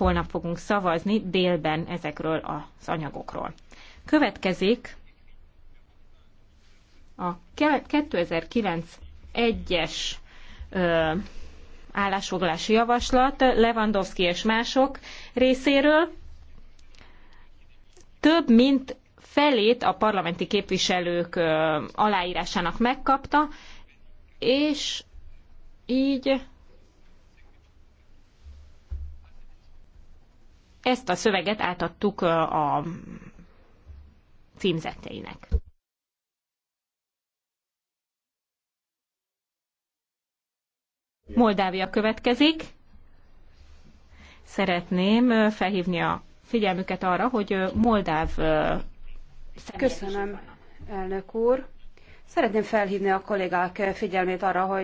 holnap fogunk szavazni délben ezekről az anyagokról. Következik a 2009 1-es állásfoglalási javaslat Lewandowski és mások részéről több mint felét a parlamenti képviselők aláírásának megkapta, és így Ezt a szöveget átadtuk a címzetteinek. Moldávia következik. Szeretném felhívni a figyelmüket arra, hogy Moldáv Köszönöm, elnök úr. Szeretném felhívni a kollégák figyelmét arra, hogy